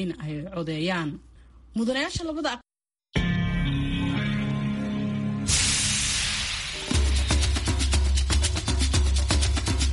in ay codeeyaan mudanayaasha labada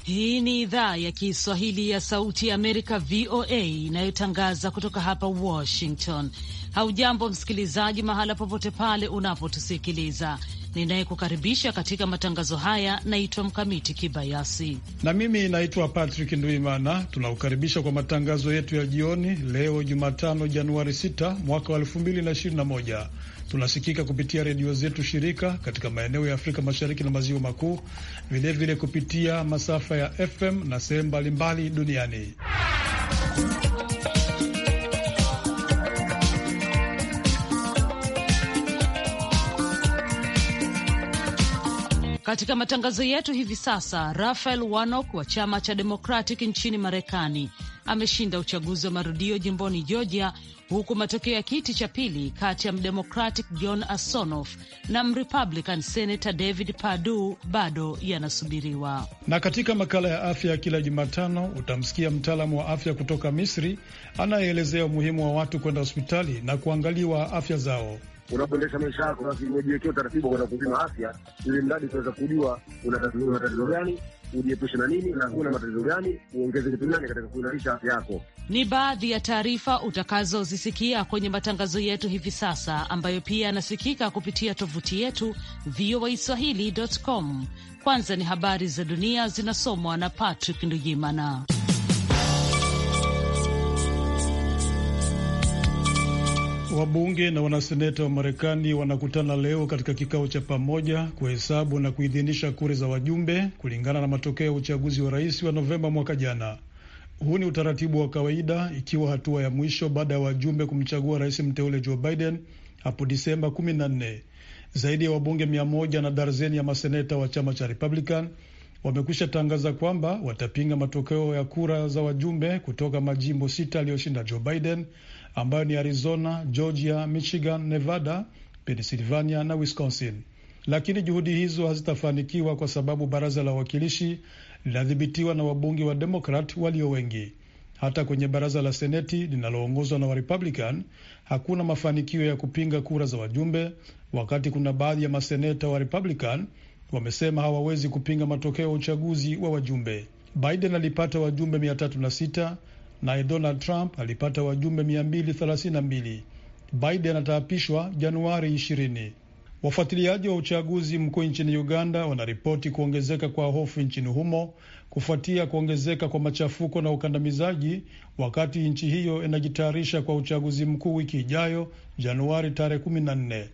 Hii ni idhaa ya Kiswahili ya Sauti ya Amerika, VOA, inayotangaza kutoka hapa Washington. Haujambo msikilizaji, mahala popote pale unapotusikiliza. Ninayekukaribisha katika matangazo haya naitwa Mkamiti Kibayasi na mimi naitwa Patrick Nduimana. Tunaukaribisha kwa matangazo yetu ya jioni leo Jumatano, Januari 6 mwaka wa 2021. Tunasikika kupitia redio zetu shirika katika maeneo ya Afrika Mashariki na Maziwa Makuu, vilevile kupitia masafa ya FM na sehemu mbalimbali duniani Katika matangazo yetu hivi sasa, rafael Warnock wa chama cha Democratic nchini Marekani ameshinda uchaguzi wa marudio jimboni Georgia, huku matokeo ya kiti cha pili kati ya mdemocratic John Asonoff na mrepublican senator David Padu bado yanasubiriwa. Na katika makala ya afya ya kila Jumatano utamsikia mtaalamu wa afya kutoka Misri anayeelezea umuhimu wa watu kwenda hospitali na kuangaliwa afya zao unapoendesha maisha yako, basi umejiwekea utaratibu kwenda kupima afya, ili mradi kuweza kujua una tatizo gani, ujiepushe na nini, na kuna matatizo gani, uongeze kitu gani katika kuimarisha afya yako. Ni baadhi ya taarifa utakazozisikia kwenye matangazo yetu hivi sasa, ambayo pia yanasikika kupitia tovuti yetu voa swahili.com. Kwanza ni habari za dunia zinasomwa na Patrick Ndujimana. Wabunge na wanaseneta wa Marekani wanakutana leo katika kikao cha pamoja kuhesabu na kuidhinisha kura za wajumbe kulingana na matokeo ya uchaguzi wa rais wa Novemba mwaka jana. Huu ni utaratibu wa kawaida, ikiwa hatua ya mwisho baada ya wajumbe kumchagua rais mteule Joe Biden hapo Disemba 14. nne. Zaidi ya wabunge mia moja na darzeni ya maseneta wa chama cha Republican wamekwisha tangaza kwamba watapinga matokeo ya kura za wajumbe kutoka majimbo sita aliyoshinda Joe Biden ambayo ni Arizona, Georgia, Michigan, Nevada, Pennsylvania na Wisconsin. Lakini juhudi hizo hazitafanikiwa kwa sababu baraza la wawakilishi linadhibitiwa na wabunge wa Demokrat walio wengi. Hata kwenye baraza la seneti linaloongozwa na Warepublican hakuna mafanikio ya kupinga kura za wajumbe, wakati kuna baadhi ya maseneta wa Republican wamesema hawawezi kupinga matokeo ya uchaguzi wa wajumbe. Biden alipata wajumbe mia tatu na sita naye Donald Trump alipata wajumbe 232. Biden ataapishwa Januari 20. Wafuatiliaji wa uchaguzi mkuu nchini Uganda wanaripoti kuongezeka kwa hofu nchini humo kufuatia kuongezeka kwa machafuko na ukandamizaji, wakati nchi hiyo inajitayarisha kwa uchaguzi mkuu wiki ijayo Januari tarehe 14.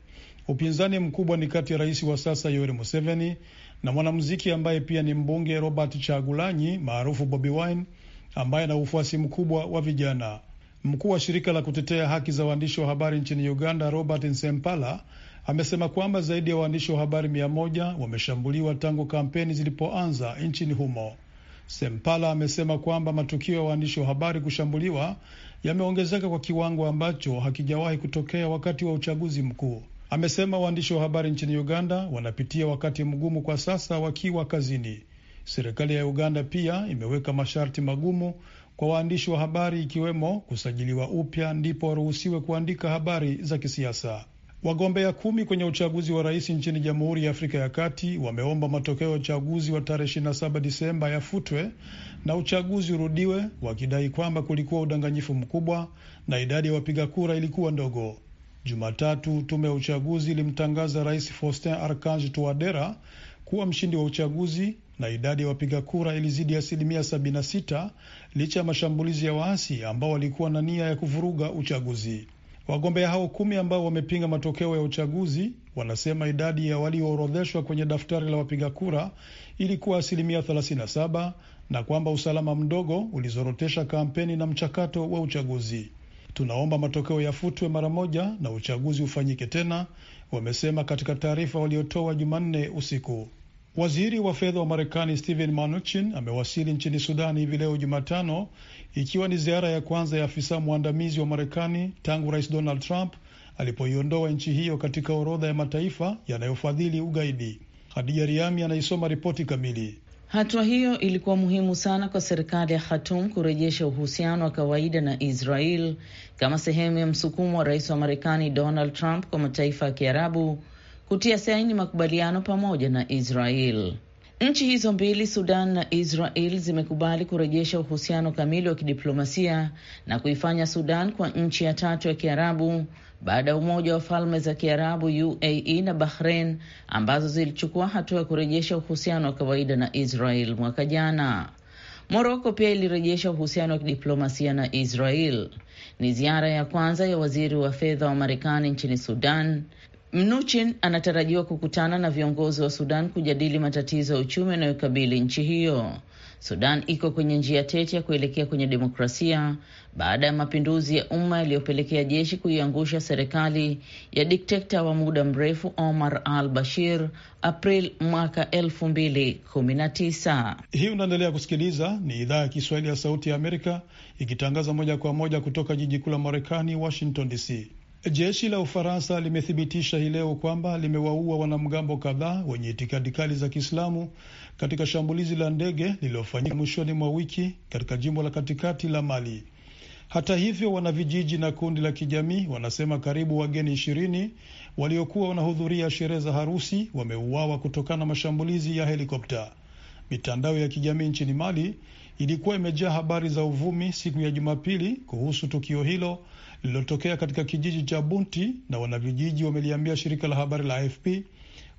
Upinzani mkubwa ni kati ya rais wa sasa Yoweri Museveni na mwanamuziki ambaye pia ni mbunge Robert Chagulanyi maarufu Bobi Wine ambaye ana ufuasi mkubwa wa vijana. Mkuu wa shirika la kutetea haki za waandishi wa habari nchini Uganda, Robert Nsempala, amesema kwamba zaidi ya waandishi wa habari mia moja wameshambuliwa tangu kampeni zilipoanza nchini humo. Sempala amesema kwamba matukio ya waandishi wa habari kushambuliwa yameongezeka kwa kiwango ambacho hakijawahi kutokea wakati wa uchaguzi mkuu. Amesema waandishi wa habari nchini Uganda wanapitia wakati mgumu kwa sasa wakiwa kazini. Serikali ya Uganda pia imeweka masharti magumu kwa waandishi wa habari ikiwemo kusajiliwa upya ndipo waruhusiwe kuandika habari za kisiasa. Wagombea kumi kwenye uchaguzi wa rais nchini Jamhuri ya Afrika ya Kati wameomba matokeo ya uchaguzi wa tarehe 27 Disemba yafutwe na uchaguzi urudiwe, wakidai kwamba kulikuwa udanganyifu mkubwa na idadi ya wapiga kura ilikuwa ndogo. Jumatatu, tume ya uchaguzi ilimtangaza Rais Faustin Archange Touadera kuwa mshindi wa uchaguzi na idadi ya wapiga kura ilizidi asilimia 76 licha ya mashambulizi ya waasi ambao walikuwa na nia ya kuvuruga uchaguzi. Wagombea hao kumi ambao wamepinga matokeo ya uchaguzi wanasema idadi ya walioorodheshwa kwenye daftari la wapiga kura ilikuwa asilimia 37 na kwamba usalama mdogo ulizorotesha kampeni na mchakato wa uchaguzi. Tunaomba matokeo yafutwe mara moja na uchaguzi ufanyike tena, wamesema katika taarifa waliotoa Jumanne usiku. Waziri wa fedha wa Marekani Steven Mnuchin amewasili nchini Sudani hivi leo Jumatano, ikiwa ni ziara ya kwanza ya afisa mwandamizi wa Marekani tangu Rais Donald Trump alipoiondoa nchi hiyo katika orodha ya mataifa yanayofadhili ugaidi. Hadija Riami anaisoma ripoti kamili. Hatua hiyo ilikuwa muhimu sana kwa serikali ya Khartoum kurejesha uhusiano wa kawaida na Israel kama sehemu ya msukumo wa rais wa Marekani Donald Trump kwa mataifa ya Kiarabu kutia saini makubaliano pamoja na Israel. Nchi hizo mbili, Sudan na Israel, zimekubali kurejesha uhusiano kamili wa kidiplomasia na kuifanya Sudan kwa nchi ya tatu ya Kiarabu baada ya Umoja wa Falme za Kiarabu UAE na Bahrain ambazo zilichukua hatua ya kurejesha uhusiano wa kawaida na Israel mwaka jana. Moroko pia ilirejesha uhusiano wa kidiplomasia na Israel. Ni ziara ya kwanza ya waziri wa fedha wa Marekani nchini Sudan Mnuchin anatarajiwa kukutana na viongozi wa Sudan kujadili matatizo ya uchumi yanayokabili nchi hiyo. Sudan iko kwenye njia tete ya kuelekea kwenye demokrasia baada ya mapinduzi ya umma yaliyopelekea jeshi kuiangusha serikali ya dikteta wa muda mrefu Omar al Bashir April mwaka 219 Hii unaendelea kusikiliza, ni idhaa ya Kiswahili ya Sauti ya Amerika ikitangaza moja kwa moja kutoka jiji kuu la Marekani, Washington DC. Jeshi la Ufaransa limethibitisha hii leo kwamba limewaua wanamgambo kadhaa wenye itikadi kali za Kiislamu katika shambulizi la ndege lililofanyika mwishoni mwa wiki katika jimbo la katikati la Mali. Hata hivyo, wanavijiji na kundi la kijamii wanasema karibu wageni ishirini waliokuwa wanahudhuria sherehe za harusi wameuawa kutokana na mashambulizi ya helikopta. Mitandao ya kijamii nchini Mali ilikuwa imejaa habari za uvumi siku ya Jumapili kuhusu tukio hilo lililotokea katika kijiji cha Bunti, na wanavijiji wameliambia shirika la habari la AFP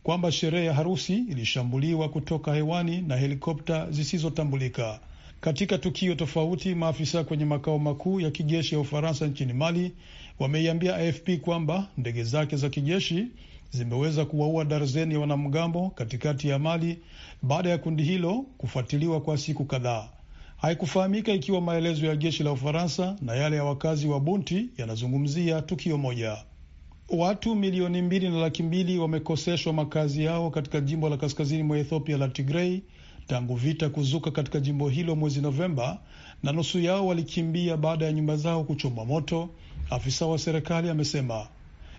kwamba sherehe ya harusi ilishambuliwa kutoka hewani na helikopta zisizotambulika. Katika tukio tofauti, maafisa kwenye makao makuu ya kijeshi ya Ufaransa nchini Mali wameiambia AFP kwamba ndege zake za kijeshi zimeweza kuwaua darzeni ya wanamgambo katikati ya Mali baada ya kundi hilo kufuatiliwa kwa siku kadhaa. Haikufahamika ikiwa maelezo ya jeshi la Ufaransa na yale ya wakazi wa Bunti yanazungumzia tukio moja. Watu milioni mbili na laki mbili wamekoseshwa makazi yao katika jimbo la kaskazini mwa Ethiopia la Tigrei tangu vita kuzuka katika jimbo hilo mwezi Novemba, na nusu yao walikimbia baada ya nyumba zao kuchomwa moto, afisa wa serikali amesema.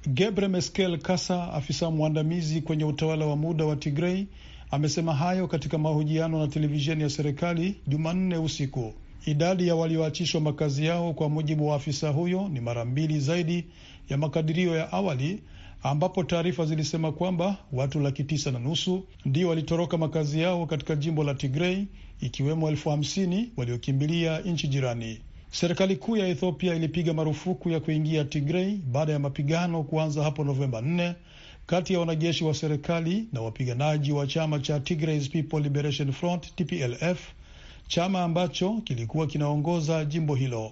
Gebre Meskel Kasa, afisa mwandamizi kwenye utawala wa muda wa Tigrei, Amesema hayo katika mahojiano na televisheni ya serikali Jumanne usiku. Idadi ya walioachishwa makazi yao kwa mujibu wa afisa huyo ni mara mbili zaidi ya makadirio ya awali ambapo taarifa zilisema kwamba watu laki tisa na nusu ndio walitoroka makazi yao katika jimbo la Tigrei, ikiwemo elfu hamsini waliokimbilia nchi jirani. Serikali kuu ya Ethiopia ilipiga marufuku ya kuingia Tigrei baada ya mapigano kuanza hapo Novemba 4 kati ya wanajeshi wa serikali na wapiganaji wa chama cha Tigray People Liberation Front TPLF, chama ambacho kilikuwa kinaongoza jimbo hilo.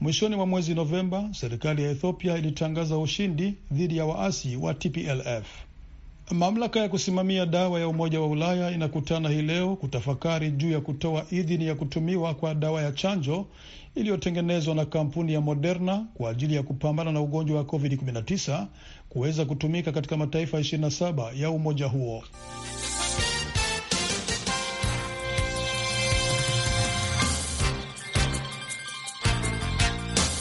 Mwishoni mwa mwezi Novemba, serikali ya Ethiopia ilitangaza ushindi dhidi ya waasi wa TPLF. Mamlaka ya kusimamia dawa ya Umoja wa Ulaya inakutana hii leo kutafakari juu ya kutoa idhini ya kutumiwa kwa dawa ya chanjo iliyotengenezwa na kampuni ya Moderna kwa ajili ya kupambana na ugonjwa wa COVID-19 kuweza kutumika katika mataifa 27 ya umoja huo.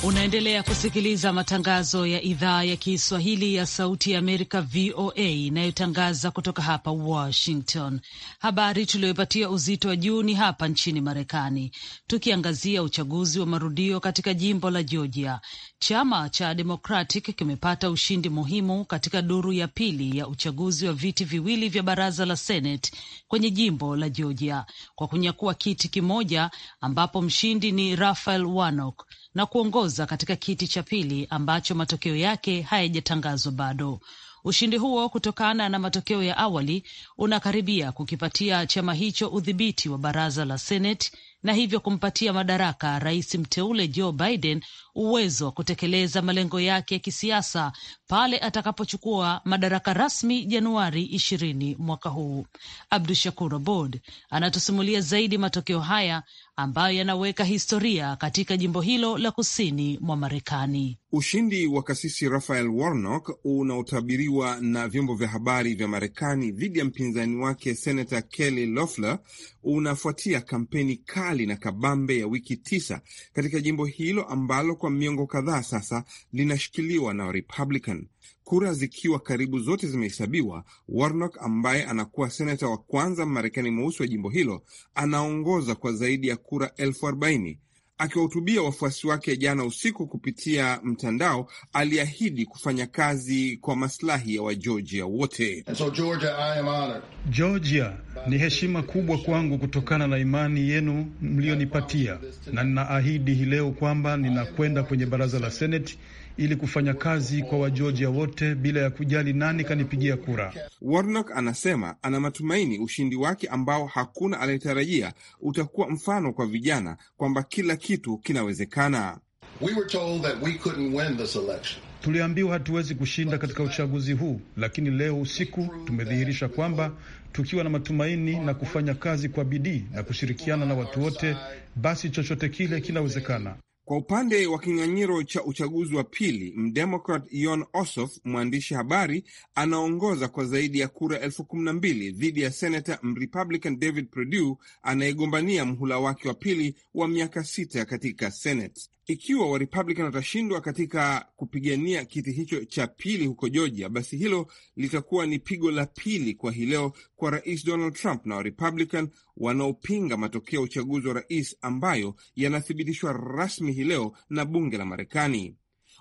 Unaendelea kusikiliza matangazo ya idhaa ya Kiswahili ya Sauti ya Amerika, VOA, inayotangaza kutoka hapa Washington. Habari tuliyoipatia uzito wa juu ni hapa nchini Marekani, tukiangazia uchaguzi wa marudio katika jimbo la Georgia. Chama cha Democratic kimepata ushindi muhimu katika duru ya pili ya uchaguzi wa viti viwili vya baraza la Senate kwenye jimbo la Georgia kwa kunyakua kiti kimoja, ambapo mshindi ni Rafael Warnock na kuongoza katika kiti cha pili ambacho matokeo yake hayajatangazwa bado. Ushindi huo kutokana na matokeo ya awali unakaribia kukipatia chama hicho udhibiti wa baraza la Seneti na hivyo kumpatia madaraka rais mteule Joe Biden uwezo wa kutekeleza malengo yake ya kisiasa pale atakapochukua madaraka rasmi Januari ishirini mwaka huu. Abdu Shakur Abod anatusimulia zaidi matokeo haya ambayo yanaweka historia katika jimbo hilo la kusini mwa Marekani. Ushindi wa kasisi Rafael Warnock unaotabiriwa na vyombo vya habari vya Marekani dhidi ya mpinzani wake senata Kelly Loeffler unafuatia kampeni kali na kabambe ya wiki tisa katika jimbo hilo ambalo kwa miongo kadhaa sasa linashikiliwa na Republican. Kura zikiwa karibu zote zimehesabiwa, Warnock ambaye anakuwa senata wa kwanza Marekani mweusi wa jimbo hilo anaongoza kwa zaidi ya kura elfu arobaini Akiwahutubia wafuasi wake jana usiku kupitia mtandao, aliahidi kufanya kazi kwa maslahi ya Wageorgia wote. So Georgia, Georgia, ni heshima kubwa kwangu kutokana na imani yenu mlionipatia, na ninaahidi hii leo kwamba ninakwenda kwenye baraza la Seneti ili kufanya kazi kwa Wageorgia wote bila ya kujali nani kanipigia kura. Warnock anasema ana matumaini ushindi wake ambao hakuna aliyetarajia utakuwa mfano kwa vijana kwamba kila kitu kinawezekana. We were told that we couldn't win this election. Tuliambiwa hatuwezi kushinda katika uchaguzi huu, lakini leo usiku tumedhihirisha kwamba tukiwa na matumaini na kufanya kazi kwa bidii na kushirikiana na watu wote, basi chochote kile kinawezekana. Kwa upande wa kinyang'anyiro cha uchaguzi wa pili, mdemokrat Yon osof mwandishi habari, anaongoza kwa zaidi ya kura elfu kumi na mbili dhidi ya senata mrepublican David Perdue anayegombania mhula wake wa pili wa miaka sita katika Senate. Ikiwa Warepublican watashindwa katika kupigania kiti hicho cha pili huko Georgia, basi hilo litakuwa ni pigo la pili kwa hii leo kwa Rais Donald Trump na Warepublican wanaopinga matokeo ya uchaguzi wa rais ambayo yanathibitishwa rasmi hii leo na bunge la Marekani.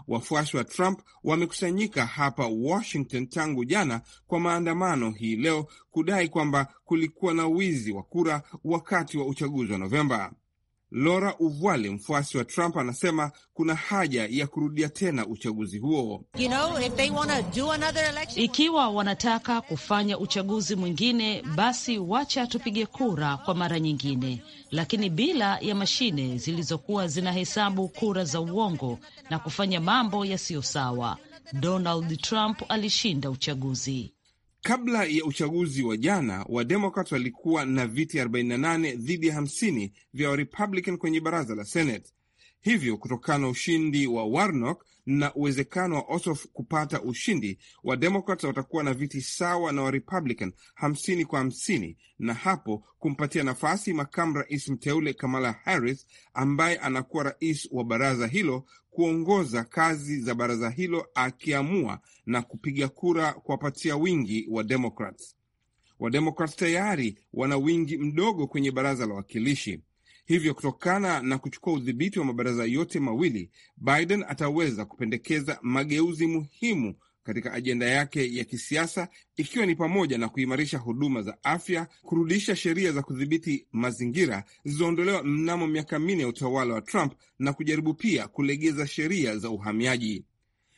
Wafuasi wa Trump wamekusanyika hapa Washington tangu jana kwa maandamano hii leo kudai kwamba kulikuwa na wizi wa kura wakati wa uchaguzi wa Novemba. Laura Uvwale, mfuasi wa Trump, anasema kuna haja ya kurudia tena uchaguzi huo. You know, if they wanna do another election... ikiwa wanataka kufanya uchaguzi mwingine, basi wacha tupige kura kwa mara nyingine, lakini bila ya mashine zilizokuwa zinahesabu kura za uongo na kufanya mambo yasiyo sawa. Donald Trump alishinda uchaguzi. Kabla ya uchaguzi wa jana, Wademokrat walikuwa na viti 48 dhidi ya 50 vya Warepublican kwenye baraza la Senate. Hivyo, kutokana na ushindi wa Warnock na uwezekano wa Ossoff kupata ushindi, Wademokrat watakuwa na viti sawa na Warepublican 50 kwa 50, na hapo kumpatia nafasi makamu rais mteule Kamala Harris ambaye anakuwa rais wa baraza hilo kuongoza kazi za baraza hilo akiamua na kupiga kura kuwapatia wingi wa Democrats. Wademokrats tayari wana wingi mdogo kwenye baraza la wawakilishi. Hivyo, kutokana na kuchukua udhibiti wa mabaraza yote mawili, Biden ataweza kupendekeza mageuzi muhimu katika ajenda yake ya kisiasa ikiwa ni pamoja na kuimarisha huduma za afya, kurudisha sheria za kudhibiti mazingira zilizoondolewa mnamo miaka minne ya utawala wa Trump na kujaribu pia kulegeza sheria za uhamiaji.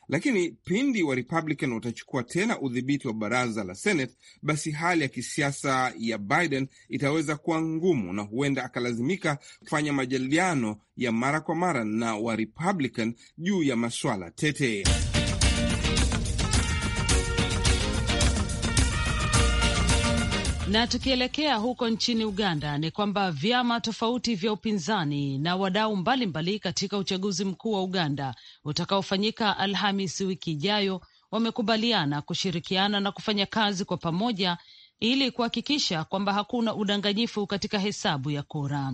Lakini pindi wa Republican watachukua tena udhibiti wa baraza la Senate, basi hali ya kisiasa ya Biden itaweza kuwa ngumu na huenda akalazimika kufanya majadiliano ya mara kwa mara na wa Republican juu ya maswala tete. Na tukielekea huko nchini Uganda ni kwamba vyama tofauti vya upinzani na wadau mbalimbali katika uchaguzi mkuu wa Uganda utakaofanyika Alhamisi wiki ijayo wamekubaliana kushirikiana na kufanya kazi kwa pamoja ili kuhakikisha kwamba hakuna udanganyifu katika hesabu ya kura.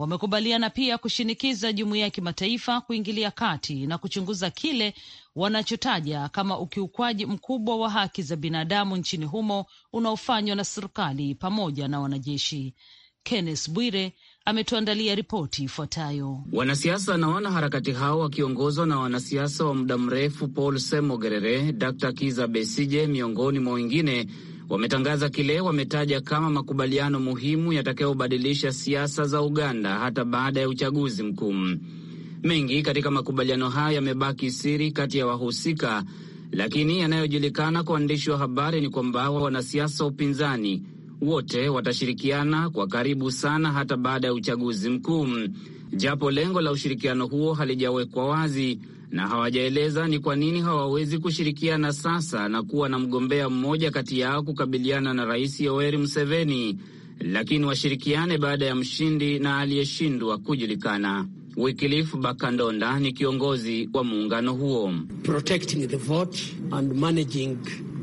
Wamekubaliana pia kushinikiza jumuiya ya kimataifa kuingilia kati na kuchunguza kile wanachotaja kama ukiukwaji mkubwa wa haki za binadamu nchini humo unaofanywa na serikali pamoja na wanajeshi. Kenneth Bwire ametuandalia ripoti ifuatayo. Wanasiasa na wanaharakati hao wakiongozwa na wanasiasa wa muda mrefu Paul Semo Gerere, Dr Kiza Besije miongoni mwa wengine wametangaza kile wametaja kama makubaliano muhimu yatakayobadilisha siasa za Uganda hata baada ya uchaguzi mkuu. Mengi katika makubaliano hayo yamebaki siri kati ya wahusika, lakini yanayojulikana kwa waandishi wa habari ni kwamba wanasiasa wa upinzani wote watashirikiana kwa karibu sana hata baada ya uchaguzi mkuu, japo lengo la ushirikiano huo halijawekwa wazi na hawajaeleza ni kwa nini hawawezi kushirikiana sasa na kuwa na mgombea mmoja kati yao kukabiliana na Rais Yoweri Museveni, lakini washirikiane baada ya mshindi na aliyeshindwa kujulikana. wikilif Bakandonda ni kiongozi wa muungano huo. Protecting the vote and managing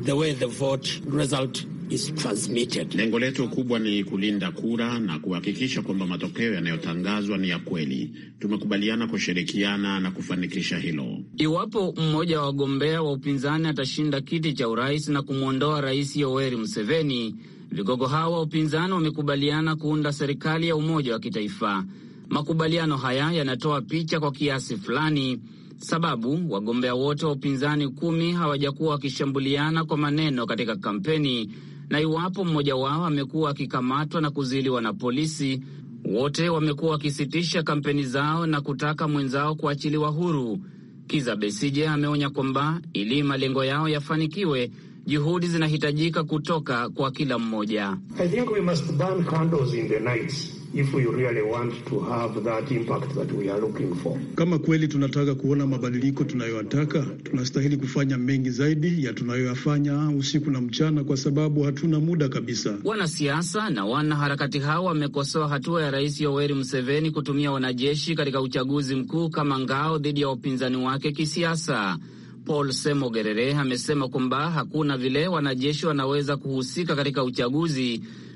the way the vote result is transmitted. Lengo letu kubwa ni kulinda kura na kuhakikisha kwamba matokeo yanayotangazwa ni ya kweli. Tumekubaliana kushirikiana na kufanikisha hilo. Iwapo mmoja wa wagombea wa upinzani atashinda kiti cha urais na kumwondoa Rais Yoweri Museveni, vigogo hawa wa upinzani wamekubaliana kuunda serikali ya umoja wa kitaifa. Makubaliano haya yanatoa picha kwa kiasi fulani, sababu wagombea wote wa upinzani kumi hawajakuwa wakishambuliana kwa maneno katika kampeni, na iwapo mmoja wao amekuwa akikamatwa na kuziliwa na polisi, wote wamekuwa wakisitisha kampeni zao na kutaka mwenzao kuachiliwa huru. Kiza Besije ameonya kwamba ili malengo yao yafanikiwe, juhudi zinahitajika kutoka kwa kila mmoja. I think we must in the If we really want to have that impact that we are looking for. Kama kweli tunataka kuona mabadiliko tunayoyataka, tunastahili kufanya mengi zaidi ya tunayoyafanya usiku na mchana, kwa sababu hatuna muda kabisa. Wanasiasa na wanaharakati hao wamekosoa hatua ya Rais Yoweri Museveni kutumia wanajeshi katika uchaguzi mkuu kama ngao dhidi ya upinzani wake kisiasa. Paul Semogerere amesema kwamba hakuna vile wanajeshi wanaweza kuhusika katika uchaguzi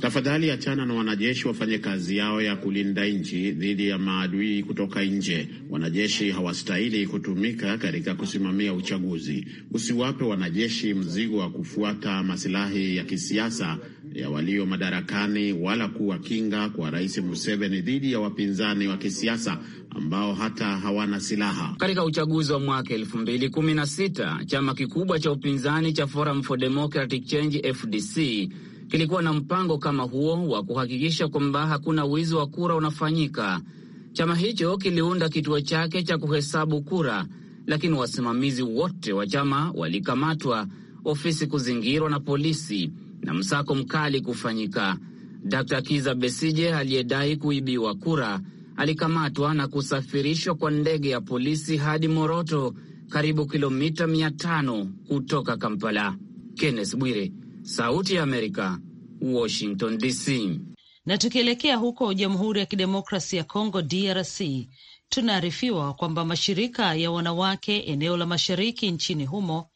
Tafadhali achana na wanajeshi wafanye kazi yao ya kulinda nchi dhidi ya maadui kutoka nje. Wanajeshi hawastahili kutumika katika kusimamia uchaguzi. Usiwape wanajeshi mzigo wa kufuata masilahi ya kisiasa ya walio madarakani, wala kuwa kinga kwa Rais Museveni dhidi ya wapinzani wa kisiasa ambao hata hawana silaha. Katika uchaguzi wa mwaka elfu mbili kumi na sita chama kikubwa cha upinzani cha Forum for Democratic Change FDC kilikuwa na mpango kama huo wa kuhakikisha kwamba hakuna wizi wa kura unafanyika. Chama hicho kiliunda kituo chake cha kuhesabu kura, lakini wasimamizi wote wa chama walikamatwa, ofisi kuzingirwa na polisi na msako mkali kufanyika. Dr. Kiza Besije aliyedai kuibiwa kura alikamatwa na kusafirishwa kwa ndege ya polisi hadi Moroto, karibu kilomita 500 kutoka Kampala. Kenneth Bwire, Sauti ya Amerika, Washington DC. Na tukielekea huko Jamhuri ya Kidemokrasi ya congo DRC, tunaarifiwa kwamba mashirika ya wanawake eneo la mashariki nchini humo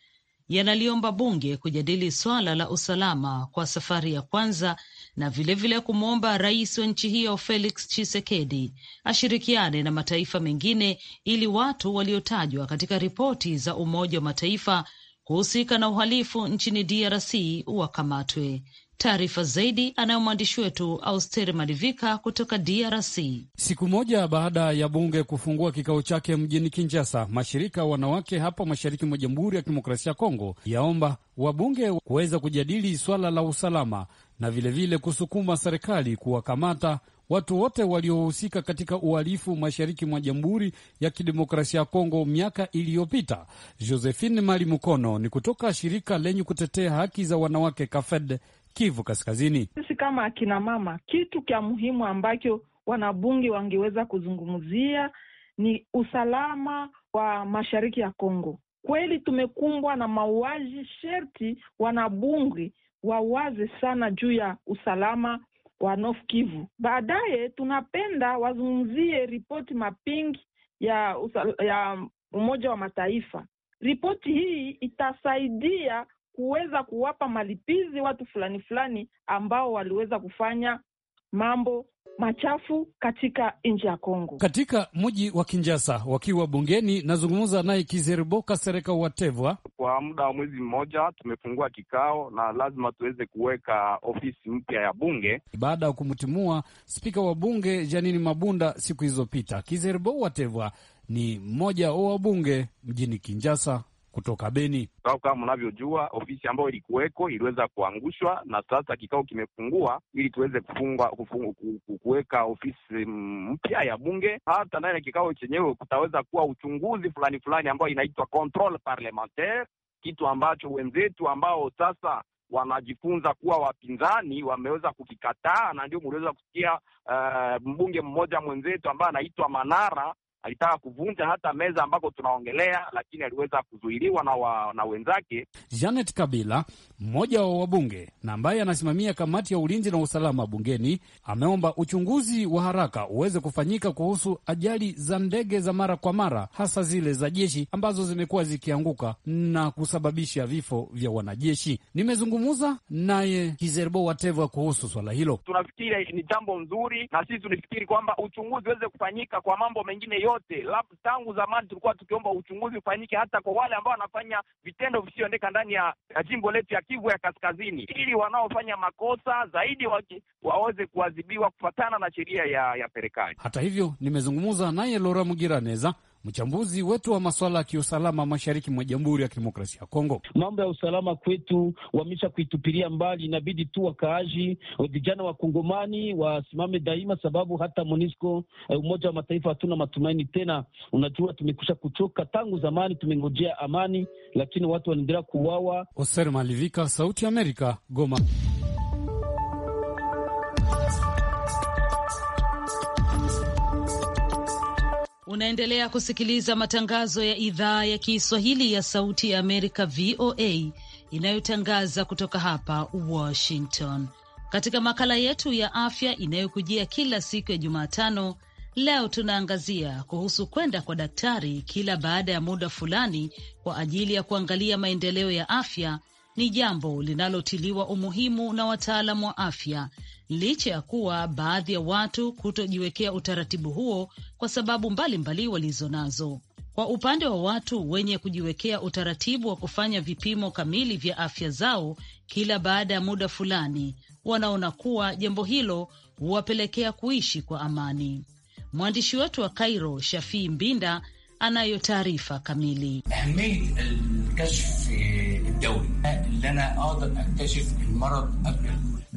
yanaliomba bunge kujadili swala la usalama kwa safari ya kwanza na vilevile kumwomba rais wa nchi hiyo Felix Tshisekedi ashirikiane na mataifa mengine ili watu waliotajwa katika ripoti za Umoja wa Mataifa kuhusika na uhalifu nchini DRC wakamatwe. Taarifa zaidi anayo mwandishi wetu Austeri Malivika kutoka DRC. Siku moja baada ya bunge kufungua kikao chake mjini Kinshasa, mashirika ya wanawake hapa mashariki mwa Jamhuri ya Kidemokrasia ya Kongo yaomba wabunge kuweza kujadili swala la usalama na vilevile vile kusukuma serikali kuwakamata watu wote waliohusika katika uhalifu mashariki mwa Jamhuri ya Kidemokrasia ya Kongo miaka iliyopita. Josephine Mali Mukono ni kutoka shirika lenye kutetea haki za wanawake KAFED Kivu Kaskazini. Sisi kama akina mama, kitu kya muhimu ambacho wanabunge wangeweza kuzungumzia ni usalama wa mashariki ya Kongo. Kweli tumekumbwa na mauaji, sherti wanabunge wawaze sana juu ya usalama wa North Kivu. Baadaye tunapenda wazungumzie ripoti mapingi ya, ya Umoja wa Mataifa. Ripoti hii itasaidia kuweza kuwapa malipizi watu fulani fulani ambao waliweza kufanya mambo machafu katika nchi ya Kongo. Katika mji wa Kinjasa, wakiwa bungeni, nazungumza naye Kizeriboka Kasereka Watevwa. Kwa muda wa mwezi mmoja tumefungua kikao na lazima tuweze kuweka ofisi mpya ya bunge baada ya kumtimua spika wa bunge Janini Mabunda siku hizopita. Kizeribo Watevwa ni mmoja wa wabunge mjini Kinjasa kutoka Beni. Kama mnavyojua, ofisi ambayo ilikuweko iliweza kuangushwa na sasa kikao kimefungua ili tuweze kufungwa kuweka ofisi mpya ya bunge. Hata ndani ya kikao chenyewe kutaweza kuwa uchunguzi fulani fulani ambayo inaitwa control parlementaire, kitu ambacho wenzetu ambao sasa wanajifunza kuwa wapinzani wameweza kukikataa, na ndio muliweza kusikia uh, mbunge mmoja mwenzetu ambaye anaitwa Manara alitaka kuvunja hata meza ambako tunaongelea, lakini aliweza kuzuiliwa na, wa, na wenzake. Janet Kabila, mmoja wa wabunge na ambaye anasimamia kamati ya ulinzi na usalama bungeni, ameomba uchunguzi wa haraka uweze kufanyika kuhusu ajali za ndege za mara kwa mara, hasa zile za jeshi ambazo zimekuwa zikianguka na kusababisha vifo vya wanajeshi. Nimezungumza naye Kizerbo Wateva kuhusu swala hilo. Tunafikiri ni jambo nzuri, na sisi tunafikiri kwamba uchunguzi uweze kufanyika kwa mambo mengine yote. Labda tangu zamani tulikuwa tukiomba uchunguzi ufanyike hata kwa wale ambao wanafanya vitendo visivyoendeka ndani ya, ya jimbo letu ya Kivu ya Kaskazini, ili wanaofanya makosa zaidi waki, waweze kuadhibiwa kufatana na sheria ya, ya serikali. Hata hivyo nimezungumza naye Lora Mugiraneza Mchambuzi wetu wa masuala ya kiusalama mashariki mwa Jamhuri ya Kidemokrasia ya Kongo, mambo ya usalama kwetu wamesha kuitupilia mbali, inabidi tu wakaaji vijana wa Kongomani wasimame daima, sababu hata MONUSCO eh, Umoja wa Mataifa hatuna matumaini tena. Unajua, tumekusha kuchoka tangu zamani, tumengojea amani, lakini watu wanaendelea kuuawa. Oser Malivika, Sauti ya Amerika, Goma. Unaendelea kusikiliza matangazo ya idhaa ya Kiswahili ya Sauti ya Amerika, VOA, inayotangaza kutoka hapa Washington. Katika makala yetu ya afya inayokujia kila siku ya Jumatano, leo tunaangazia kuhusu kwenda kwa daktari kila baada ya muda fulani kwa ajili ya kuangalia maendeleo ya afya. Ni jambo linalotiliwa umuhimu na wataalamu wa afya licha ya kuwa baadhi ya watu kutojiwekea utaratibu huo kwa sababu mbalimbali walizo nazo Kwa upande wa watu wenye kujiwekea utaratibu wa kufanya vipimo kamili vya afya zao kila baada ya muda fulani, wanaona kuwa jambo hilo huwapelekea kuishi kwa amani. Mwandishi wetu wa Cairo, Shafii Mbinda, anayo taarifa kamili.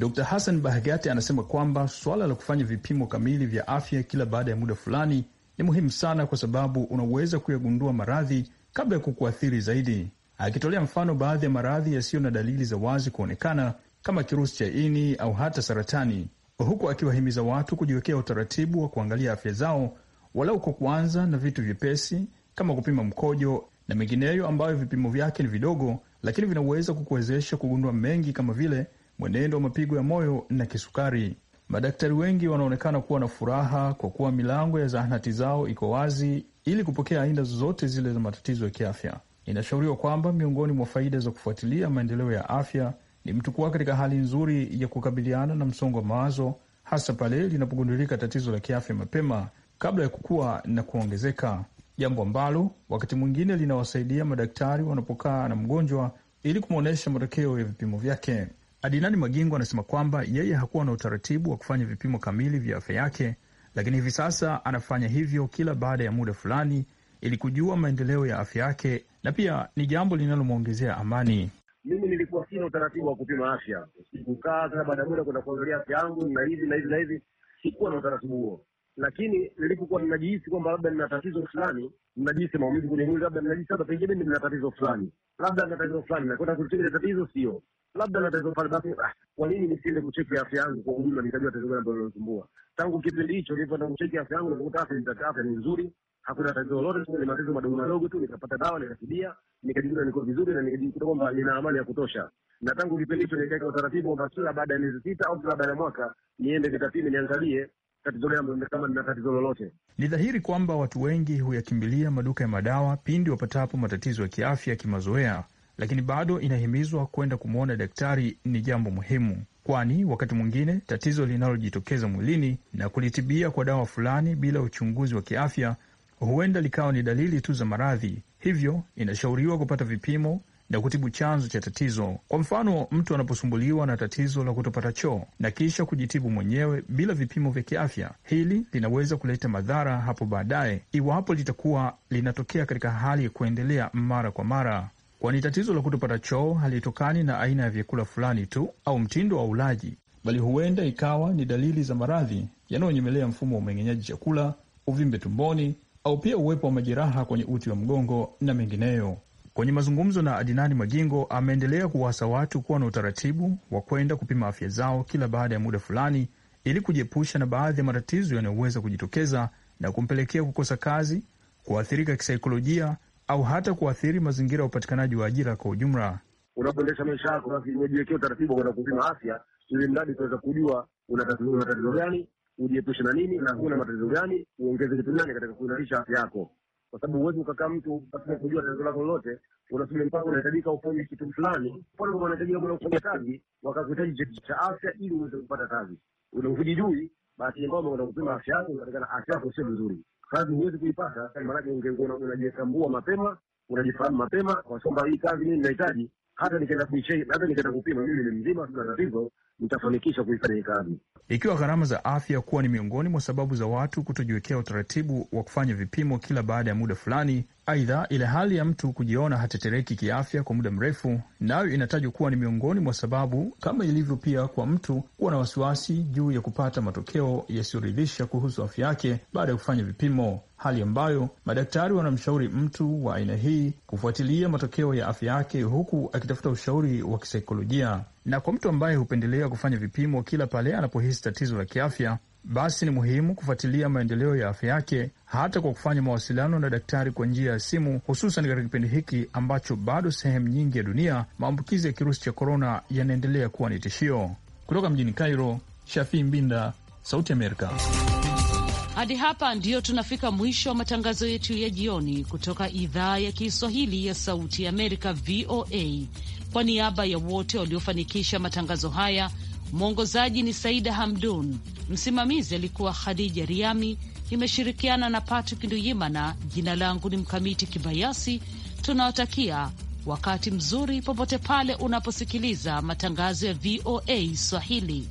Dr Hassan Bahgati anasema kwamba suala la kufanya vipimo kamili vya afya kila baada ya muda fulani ni muhimu sana, kwa sababu unaweza kuyagundua maradhi kabla ya kukuathiri zaidi, akitolea mfano baadhi ya maradhi yasiyo na dalili za wazi kuonekana kama kirusi cha ini au hata saratani, huku akiwahimiza watu kujiwekea utaratibu wa kuangalia afya zao walau kwa kuanza na vitu vyepesi kama kupima mkojo na mengineyo, ambayo vipimo vyake ni vidogo, lakini vinaweza kukuwezesha kugundua mengi kama vile mwenendo wa mapigo ya moyo na kisukari. Madaktari wengi wanaonekana kuwa na furaha kwa kuwa milango ya zahanati zao iko wazi ili kupokea aina zozote zile za matatizo ya kiafya. Inashauriwa kwamba miongoni mwa faida za kufuatilia maendeleo ya afya ni mtu kuwa katika hali nzuri ya kukabiliana na msongo wa mawazo, hasa pale linapogundulika tatizo la kiafya mapema kabla ya kukua na kuongezeka, jambo ambalo wakati mwingine linawasaidia madaktari wanapokaa na mgonjwa ili kumwonyesha matokeo ya vipimo vyake. Adinani Magingo anasema kwamba yeye hakuwa na utaratibu wa kufanya vipimo kamili vya afya yake, lakini hivi sasa anafanya hivyo kila baada ya muda fulani ili kujua maendeleo ya afya yake, na pia ni jambo linalomwongezea amani. Mimi nilikuwa sina utaratibu wa kupima afya, sikukaa kila baada ya muda kwenda kuangalia afya yangu na hivi na hivi na hivi, sikuwa na utaratibu huo lakini nilipokuwa ninajihisi kwamba labda nina tatizo fulani, ninajihisi maumivu kwenye mwili, labda ninajihisi labda pengine mimi nina tatizo fulani, labda nina tatizo fulani, na kwenda kutibu tatizo sio, labda nina tatizo fulani, basi ah, kwa nini nisiende kucheki afya yangu kwa ujumla, nikajua tatizo gani ambalo linanisumbua. Tangu kipindi hicho nilipoenda kucheki afya yangu, nilikuta afya afya ni nzuri, hakuna tatizo lolote, tu ni matatizo madogo madogo tu, nikapata dawa, nikatibia, nikajikuta niko vizuri na nikajikuta kwamba nina amani ya kutosha na tangu kipindi hicho nikaweka utaratibu kwamba kila baada ya miezi sita au kila baada ya mwaka niende nikapime niangalie tatizo lile, kama lina tatizo lolote. Ni dhahiri kwamba watu wengi huyakimbilia maduka ya madawa pindi wapatapo matatizo ya kiafya kimazoea, lakini bado inahimizwa kwenda kumwona daktari ni jambo muhimu, kwani wakati mwingine tatizo linalojitokeza mwilini na kulitibia kwa dawa fulani bila uchunguzi wa kiafya huenda likawa ni dalili tu za maradhi. Hivyo inashauriwa kupata vipimo na kutibu chanzo cha tatizo. Kwa mfano, mtu anaposumbuliwa na tatizo la kutopata choo na kisha kujitibu mwenyewe bila vipimo vya kiafya, hili linaweza kuleta madhara hapo baadaye, iwapo litakuwa linatokea katika hali ya kuendelea mara kwa mara kwani tatizo la kutopata choo halitokani na aina ya vyakula fulani tu au mtindo wa ulaji, bali huenda ikawa ni dalili za maradhi yanayonyemelea mfumo wa umeng'enyaji chakula, uvimbe tumboni, au pia uwepo wa majeraha kwenye uti wa mgongo na mengineyo. Kwenye mazungumzo na Adinani Magingo, ameendelea kuwaasa watu kuwa na utaratibu wa kwenda kupima afya zao kila baada ya muda fulani ili kujiepusha na baadhi ya matatizo yanayoweza kujitokeza na kumpelekea kukosa kazi, kuathirika kisaikolojia au hata kuathiri mazingira ya upatikanaji wa ajira kwa ujumla. Unapoendesha maisha yako, basi umejiwekea utaratibu kwenda kupima afya, ili mradi utaweza kujua una tatizo gani, ujiepushe na nini, na huna matatizo gani, uongeze kitu gani katika kuimarisha afya yako kwa sababu huwezi ukakaa mtu pasipo kujua tatizo lako lolote. Unasubiri mpaka unahitajika ufanye kitu fulani, pale unahitajika kwenda kufanya kazi, wakakuhitaji cheti cha afya ili uweze kupata kazi. Unakujijui bahati mbaya, unaenda kupima afya yako, unaonekana afya yako sio vizuri, kazi huwezi kuipata. Maanake unajitambua mapema, unajifahamu mapema, kwa sababu hii kazi mimi ninahitaji, hata nikienda kuichei, hata nikienda kupima, mimi ni mzima, sina tatizo nitafanikisha kuifanya hii kazi. Ikiwa gharama za afya kuwa ni miongoni mwa sababu za watu kutojiwekea utaratibu wa kufanya vipimo kila baada ya muda fulani, aidha ile hali ya mtu kujiona hatetereki kiafya kwa muda mrefu nayo inatajwa kuwa ni miongoni mwa sababu, kama ilivyo pia kwa mtu kuwa na wasiwasi juu ya kupata matokeo yasiyoridhisha kuhusu afya yake baada ya kufanya vipimo, hali ambayo madaktari wanamshauri mtu wa aina hii kufuatilia matokeo ya afya yake huku akitafuta ushauri wa kisaikolojia. Na kwa mtu ambaye hupendelea kufanya vipimo kila pale anapohisi tatizo la kiafya, basi ni muhimu kufuatilia maendeleo ya afya yake, hata kwa kufanya mawasiliano na daktari kwa njia ya simu, hususan katika kipindi hiki ambacho bado sehemu nyingi ya dunia maambukizi ya kirusi cha korona yanaendelea kuwa ni tishio. Kutoka mjini Cairo, Shafii Mbinda, Sauti Amerika. Hadi hapa ndiyo tunafika mwisho wa matangazo yetu ya jioni kutoka idhaa ya Kiswahili ya Sauti Amerika, VOA. Kwa niaba ya wote waliofanikisha matangazo haya, mwongozaji ni Saida Hamdun, msimamizi alikuwa Khadija Riami, imeshirikiana na Patrick Nduyimana. Jina langu ni Mkamiti Kibayasi. Tunawatakia wakati mzuri popote pale unaposikiliza matangazo ya VOA Swahili.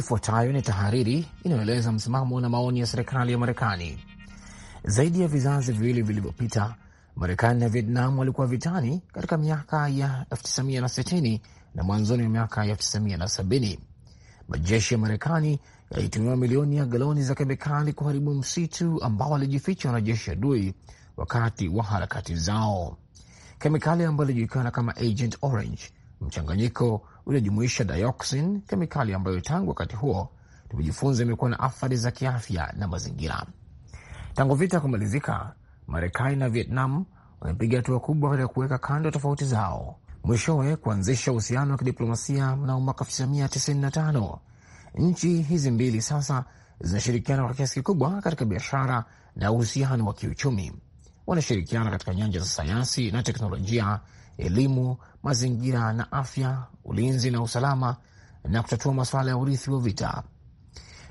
Ifuatayo ni tahariri inayoeleza msimamo na maoni ya serikali ya Marekani. Zaidi ya vizazi viwili vilivyopita, Marekani na Vietnam walikuwa vitani katika miaka ya 1960 na mwanzoni wa miaka ya 1970. Majeshi ya Marekani yalitumiwa milioni ya galoni za kemikali kuharibu msitu ambao walijificha wanajeshi adui wakati wa harakati zao. Kemikali ambayo ilijulikana kama Agent Orange, mchanganyiko uliojumuisha dioxin, kemikali ambayo tangu wakati huo tumejifunza imekuwa na athari za kiafya na mazingira. Tangu vita kumalizika, Marekani na Vietnam wamepiga hatua kubwa katika kuweka kando tofauti zao, mwishowe kuanzisha uhusiano wa kidiplomasia mnamo mwaka 1995. Nchi hizi mbili sasa zinashirikiana kwa kiasi kikubwa katika biashara na uhusiano wa kiuchumi. Wanashirikiana katika nyanja za sayansi na teknolojia elimu, mazingira na afya, ulinzi na usalama, na kutatua masuala ya urithi wa vita.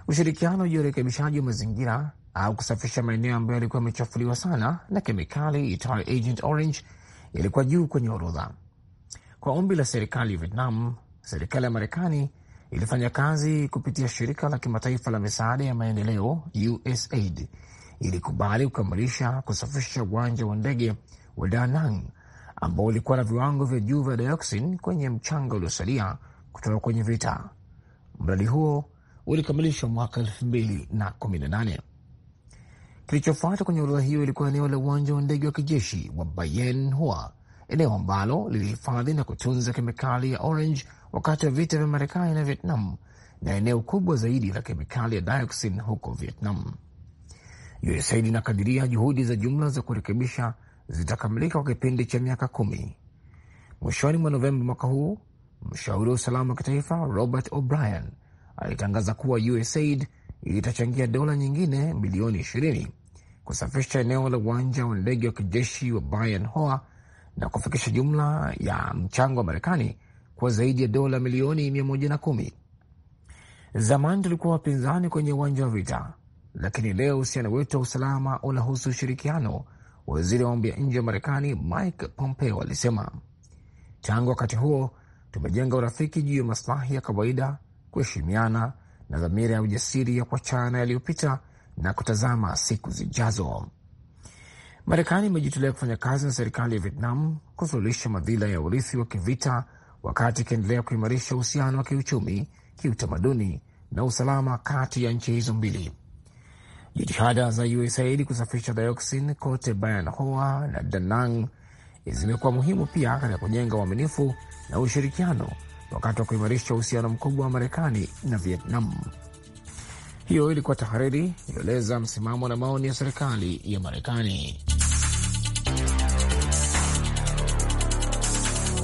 Ushirikiano juu ya urekebishaji wa mazingira au kusafisha maeneo ambayo yalikuwa yamechafuliwa sana na kemikali itwayo Agent Orange yalikuwa juu kwenye orodha. Kwa ombi la serikali ya Vietnam, serikali ya Marekani ilifanya kazi kupitia shirika la kimataifa la misaada ya maendeleo USAID, ilikubali kukamilisha kusafisha uwanja wa ndege wa Da Nang ambao ulikuwa na viwango vya juu vya dioxin kwenye mchanga uliosalia kutoka kwenye vita. Mradi huo ulikamilishwa mwaka 2018. Kilichofuata kwenye orodha hiyo ilikuwa eneo la uwanja wa ndege wa kijeshi wa Bayen Hua, eneo ambalo lilihifadhi na kutunza kemikali ya Orange wakati wa vita vya Marekani na Vietnam, na eneo kubwa zaidi la kemikali ya dioxin huko Vietnam. USAID inakadiria juhudi za jumla za kurekebisha zitakamilika kwa kipindi cha miaka kumi. Mwishoni mwa Novemba mwaka huu, mshauri wa usalama wa kitaifa Robert O'Brien alitangaza kuwa USAID itachangia dola nyingine milioni 20 kusafisha eneo la uwanja wa ndege wa kijeshi wa Bayan Hoa na kufikisha jumla ya mchango wa Marekani kwa zaidi ya dola milioni 110. Zamani tulikuwa wapinzani kwenye uwanja wa vita, lakini leo uhusiano wetu wa usalama unahusu ushirikiano waziri wa mambo ya nje wa Marekani Mike Pompeo alisema, tangu wakati huo tumejenga urafiki juu ya maslahi ya kawaida, kuheshimiana na dhamira ya ujasiri ya kuachana yaliyopita na kutazama siku zijazo. Marekani imejitolea kufanya kazi na serikali ya Vietnam kusuluhisha madhila ya urithi wa kivita, wakati ikiendelea kuimarisha uhusiano wa kiuchumi, kiutamaduni na usalama kati ya nchi hizo mbili. Jitihada za USAID kusafisha dioxin kote bayan hoa na Danang zimekuwa muhimu pia katika kujenga uaminifu na ushirikiano wakati wa kuimarisha uhusiano mkubwa wa Marekani na Vietnam. Hiyo ilikuwa tahariri iliyoeleza msimamo na maoni ya serikali ya Marekani.